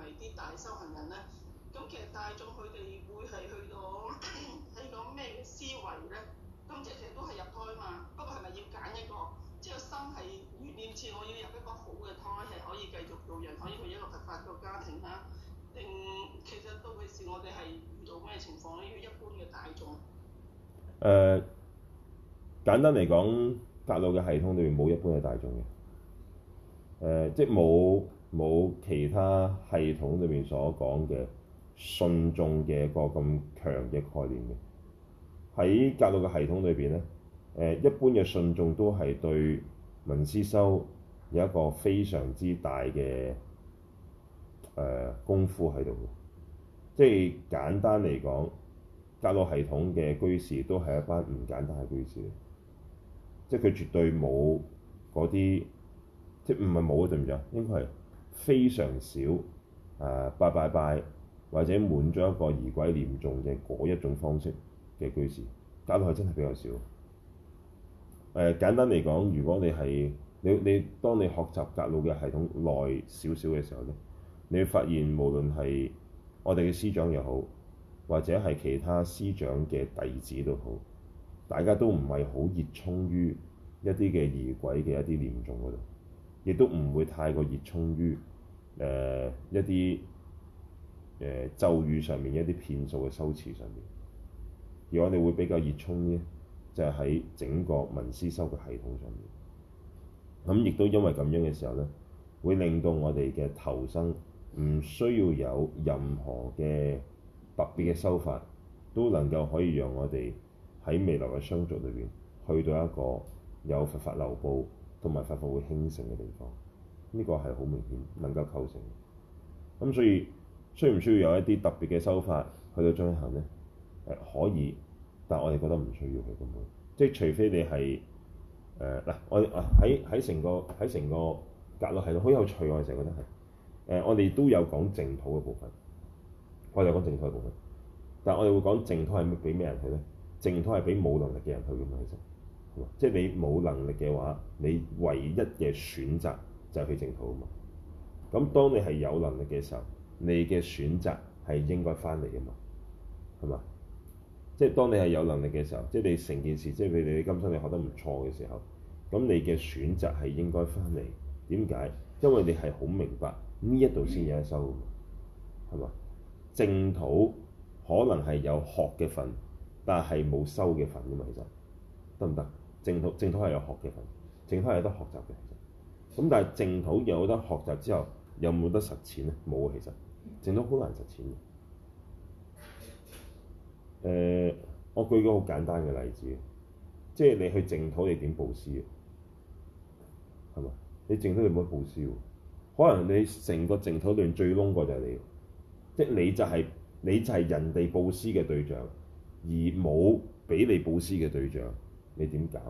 係啲大修行人咧，咁其實大眾佢哋會係去到講咩嘅思維咧？咁隻隻都係入胎嘛，不過係咪要揀一個，即係心係如念慈，我要入一個好嘅胎，係可以繼續做人，可以去一個佛法嘅家庭啦。定其實到時我哋係遇到咩情況咧？要一般嘅大眾。誒，簡單嚟講，格魯嘅系統裏面冇一般嘅大眾嘅，誒、呃，即係冇。冇其他系統裏面所講嘅信眾嘅個咁強嘅概念嘅，喺格魯嘅系統裏邊咧，誒、呃、一般嘅信眾都係對聞思修有一個非常之大嘅誒、呃、功夫喺度嘅，即係簡單嚟講，格魯系統嘅居士都係一班唔簡單嘅居士，即係佢絕對冇嗰啲，即係唔係冇啊？對唔對啊？應該係。非常少、呃、拜拜拜或者滿張一個儀軌念誦嘅嗰一種方式嘅居士，搞到佢真係比較少。誒、呃、簡單嚟講，如果你係你你當你學習格魯嘅系統耐少少嘅時候咧，你會發現無論係我哋嘅師長又好，或者係其他師長嘅弟子都好，大家都唔係好熱衷於一啲嘅儀軌嘅一啲念誦嗰度。亦都唔會太過熱衷於誒、呃、一啲誒、呃、咒語上面一啲騙數嘅修辭上面，而我哋會比較熱衷於，就係、是、喺整個聞思修嘅系統上面。咁亦都因為咁樣嘅時候咧，會令到我哋嘅投生唔需要有任何嘅特別嘅修法，都能夠可以讓我哋喺未來嘅相續裏邊去到一個有佛法流布。同埋佛法會興盛嘅地方，呢個係好明顯能夠構成咁、嗯、所以需唔需要有一啲特別嘅修法去到進行咧？誒、呃、可以，但係我哋覺得唔需要嘅咁樣，即係除非你係誒嗱，我哋喺喺成個喺成個格律係度好有趣，我成日覺得係誒、呃，我哋都有講淨土嘅部分，我哋有講淨土嘅部分，但係我哋會講淨土係俾咩人去咧？淨土係俾冇能力嘅人去嘅嘛，其實。即係你冇能力嘅話，你唯一嘅選擇就係去淨土啊嘛。咁當你係有能力嘅時候，你嘅選擇係應該翻嚟㗎嘛，係嘛？即係當你係有能力嘅時候，即係你成件事，即係你你今生你學得唔錯嘅時候，咁你嘅選擇係應該翻嚟。點解？因為你係好明白呢一度先有得收㗎嘛，係嘛？淨土可能係有學嘅份，但係冇收嘅份㗎嘛，其實得唔得？行淨土淨土係有學嘅份，淨土係有得學習嘅。咁但係淨土有得學習之後，有冇得實踐呢？冇啊！其實淨土好難實踐嘅。誒、呃，我舉個好簡單嘅例子，即係你去淨土，你點布施？係嘛？你淨土你冇得布施？可能你成個淨土裏面最窿過就係你，即係你就係、是、你就係人哋布施嘅對象，而冇俾你布施嘅對象。你點搞？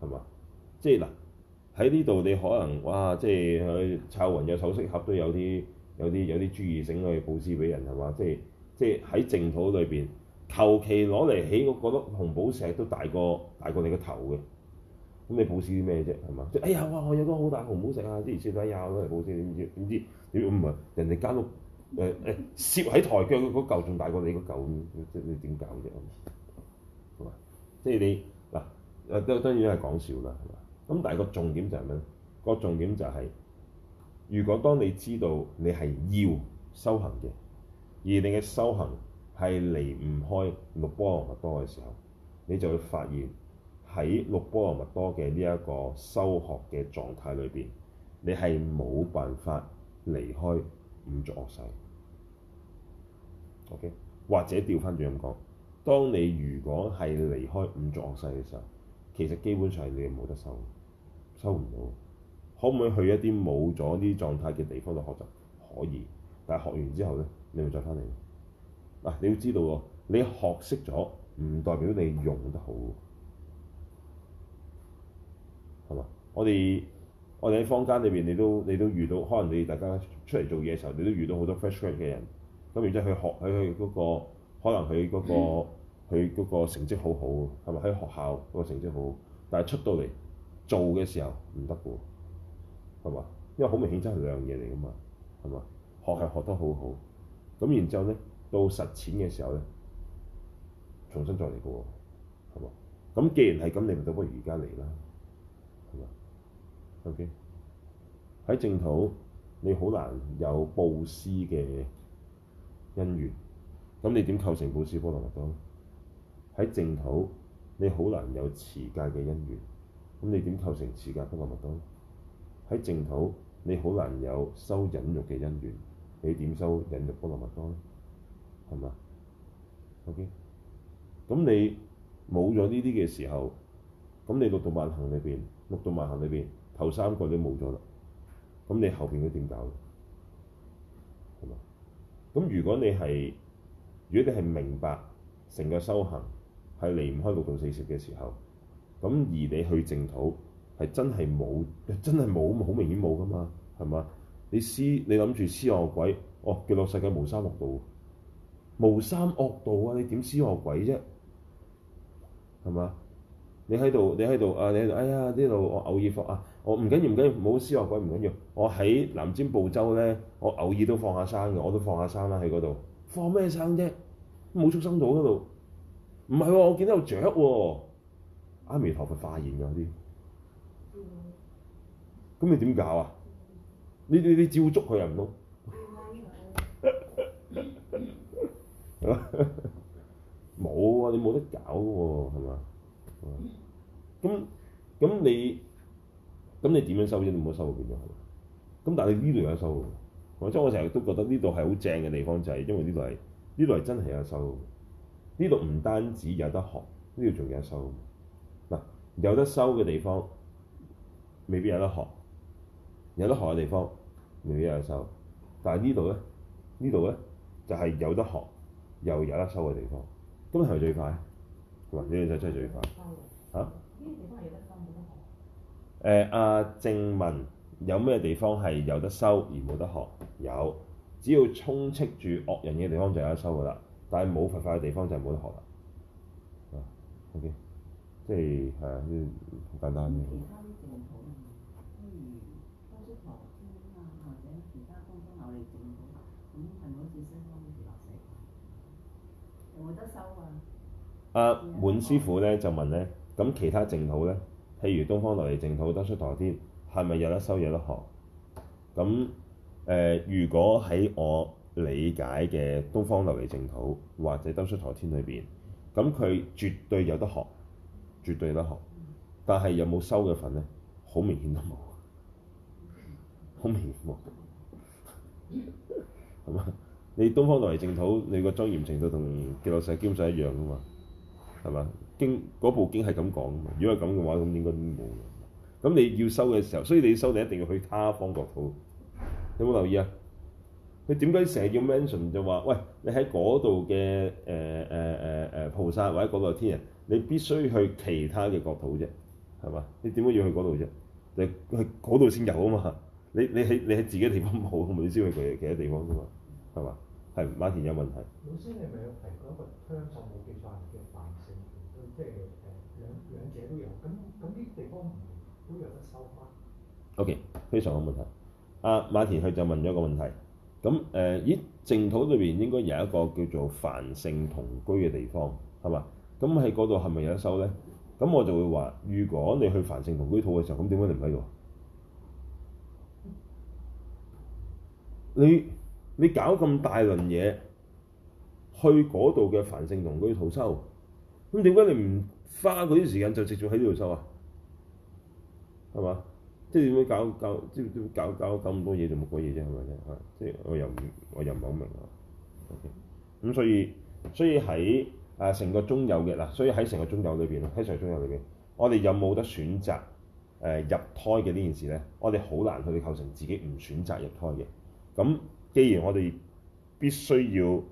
係嘛？即係嗱，喺呢度你可能哇，即係去抄勻有首飾盒都有啲有啲有啲注意性去佈施俾人，係嘛？即係即係喺淨土裏邊，求其攞嚟起屋，嗰粒紅寶石都大過大過你個頭嘅，咁你佈施啲咩啫？係嘛？哎呀哇！我有個好大紅寶石啊，啲二師弟呀都嚟佈施，你知唔知？如果唔係人哋間屋誒誒攝喺台腳嗰嚿仲大過你嗰嚿咁，即你點搞啫？即係你嗱，誒都當然係講笑啦，係嘛？咁但係個重點就係咩咧？個重點就係、是，如果當你知道你係要修行嘅，而你嘅修行係離唔開六波羅蜜多嘅時候，你就會發現喺六波羅蜜多嘅呢一個修學嘅狀態裏邊，你係冇辦法離開五濁惡世。OK，或者掉返轉咁講。當你如果係離開五狀世嘅時候，其實基本上你係冇得收，收唔到。可唔可以去一啲冇咗呢啲狀態嘅地方度學習？可以，但係學完之後咧，你咪再翻嚟。嗱、啊，你要知道喎，你學識咗唔代表你用得好，係嘛？我哋我哋喺坊間裏面，你都你都遇到，可能你大家出嚟做嘢嘅時候，你都遇到好多 fresh grade 嘅人，咁然之後去學去佢嗰個。可能佢嗰個，佢嗰個成績好好，係咪喺學校嗰個成績好？但係出到嚟做嘅時候唔得嘅，係嘛？因為好明顯真係兩樣嘢嚟嘅嘛，係嘛？學係學得好好，咁然之後咧，到實踐嘅時候咧，重新再嚟嘅喎，係嘛？咁既然係咁，你咪倒不如而家嚟啦，係嘛？OK，喺淨土，你好難有布施嘅因緣。咁你點構成布施波羅蜜多？喺淨土你好難有持戒嘅因緣，咁你點構成持戒波羅蜜多？喺淨土你好難有修忍辱嘅因緣，你點修忍辱波羅蜜多咧？係咪？OK，咁你冇咗呢啲嘅時候，咁你六度萬行裏邊，六度萬行裏邊頭三個你冇咗啦，咁你後邊都點搞咧？係嘛？咁如果你係如果你係明白成個修行係離唔開六道四識嘅時候，咁而你去淨土係真係冇，真係冇，好明顯冇噶嘛，係嘛？你思你諗住思惡，惡鬼，哦，叫落世界無三惡道，無三惡道啊！你點思惡鬼啫、啊？係嘛？你喺度，你喺度，啊，你喺度，哎呀，呢度我偶爾放啊，我唔緊要，唔緊要，冇思惡鬼唔緊要。我喺南贍部洲咧，我偶爾都放下、啊、生嘅，我都放下、啊、生啦喺嗰度，放咩生啫？冇出生到嗰度，唔係喎，我見到有雀喎、啊，阿彌陀佛化現咗啲，咁你點搞啊？你你你照捉佢又唔得，冇 [LAUGHS] [LAUGHS] [LAUGHS] 啊！你冇得搞喎、啊，係嘛？咁咁 [LAUGHS] 你咁你點樣收啫？你冇得收㗎，變咗咁，但係呢度有收，或者我成日都覺得呢度係好正嘅地方，就係、是、因為呢度係。呢度真係有收，呢度唔單止有得學，呢度仲有收。嗱，有得收嘅地方未必有得學，有得學嘅地方未必有得收。但係呢度咧，呢度咧就係、是、有得學又有得收嘅地方。今日係咪最快啊？雲姐就真係最快。嚇、啊？呢啲地方有得收冇得學。誒、呃，阿、啊、正文有咩地方係有得收而冇得學？有。只要充斥住惡人嘅地方就有得收噶啦，但係冇佛法嘅地方就冇得學啦。啊，OK，即係係啊，呢好簡單嘅。其他滿師傅咧、嗯、就問咧，咁其他淨土咧，譬如東方琉璃淨土、得出台啲，係咪有得收、有得學？咁誒、呃，如果喺我理解嘅東方琉璃淨土或者兜率陀天裏邊，咁佢絕對有得學，絕對有得學，但係有冇收嘅份咧？好明顯都冇，好明顯冇。咁啊，你東方琉璃淨土，你個莊嚴程度同極樂世界基本上一樣啊嘛？係嘛？經嗰部經係咁講啊嘛。如果係咁嘅話，咁應該都冇嘅。咁你要收嘅時候，所以你收你一定要去他方國土。有冇留意啊？佢點解成日要 mention 就話，喂，你喺嗰度嘅誒誒誒誒菩薩或者嗰度天人，你必須去其他嘅國土啫，係嘛？你點解要去嗰度啫？你去嗰度先有啊嘛？你你喺你喺自己地方冇，咪你先去其其他地方㗎嘛？係嘛？係馬田有問題。老師你咪有提過一個香港冇記錯人嘅萬性，即係誒兩兩者都有，咁咁啲地方有都有得收翻。OK，非常好問題。阿、啊、馬田佢就問咗一個問題，咁誒，咦、呃？淨土裏邊應該有一個叫做凡聖同居嘅地方，係嘛？咁喺嗰度係咪有得修咧？咁我就會話：如果你去凡聖同居土嘅時候，咁點解你唔喺度？你你搞咁大輪嘢，去嗰度嘅凡聖同居土修，咁點解你唔花嗰啲時間就直接喺呢度修啊？係嘛？即係點樣搞搞？即係搞搞咁多嘢做乜鬼嘢啫？係咪先？係，即係我又唔我又唔係好明啊。O.K.，咁所以所以喺啊成個中有嘅嗱，所以喺成個中有裏邊，喺成個中有裏邊，我哋有冇得選擇誒、呃、入胎嘅呢件事咧？我哋好難去構成自己唔選擇入胎嘅。咁既然我哋必須要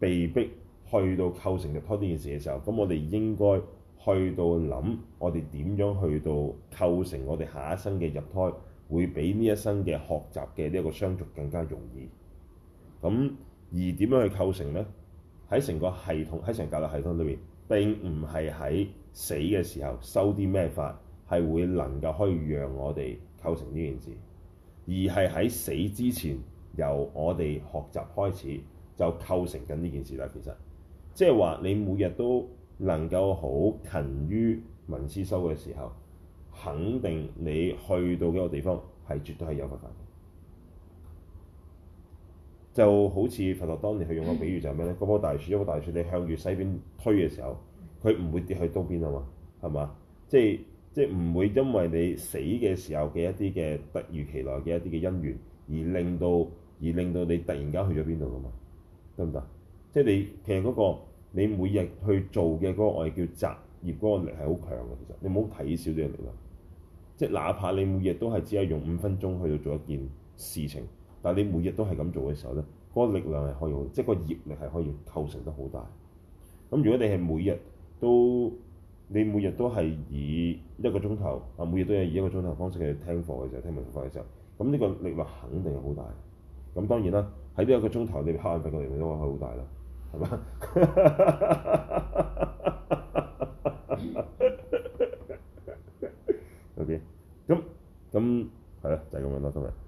被逼去到構成入胎呢件事嘅時候，咁我哋應該。去到諗，我哋點樣去到構成我哋下一生嘅入胎，會比呢一生嘅學習嘅呢個相續更加容易。咁而點樣去構成呢？喺成個系統，喺成個教育系統裏面，並唔係喺死嘅時候修啲咩法，係會能夠可以讓我哋構成呢件事。而係喺死之前，由我哋學習開始就構成緊呢件事啦。其實，即係話你每日都。能夠好勤於聞思修嘅時候，肯定你去到嗰個地方係絕對係有份份嘅。就好似佛陀當年去用個比喻就係咩呢？嗰棵大樹，一棵大樹你向住西邊推嘅時候，佢唔會跌去東邊啊嘛，係嘛？即係即係唔會因為你死嘅時候嘅一啲嘅突如其來嘅一啲嘅因緣，而令到而令到你突然間去咗邊度㗎嘛？得唔得？即係你其實嗰個。你每日去做嘅嗰個我哋叫雜業嗰個力係好強嘅，其實你唔好睇少啲力量。即係哪怕你每日都係只有用五分鐘去到做一件事情，但係你每日都係咁做嘅時候咧，嗰個力量係可以即係個業力係可以構成得好大。咁如果你係每日都你每日都係以一個鐘頭啊，每日都係以一個鐘頭方式去聽課嘅時候，聽明白嘅時候，咁呢個力量肯定係好大。咁當然啦，喺呢一個鐘頭你瞌眼瞓嘅力量係好大啦。係咩？哈哈哈 OK 咁咁係啦，就係咁樣啦，今日。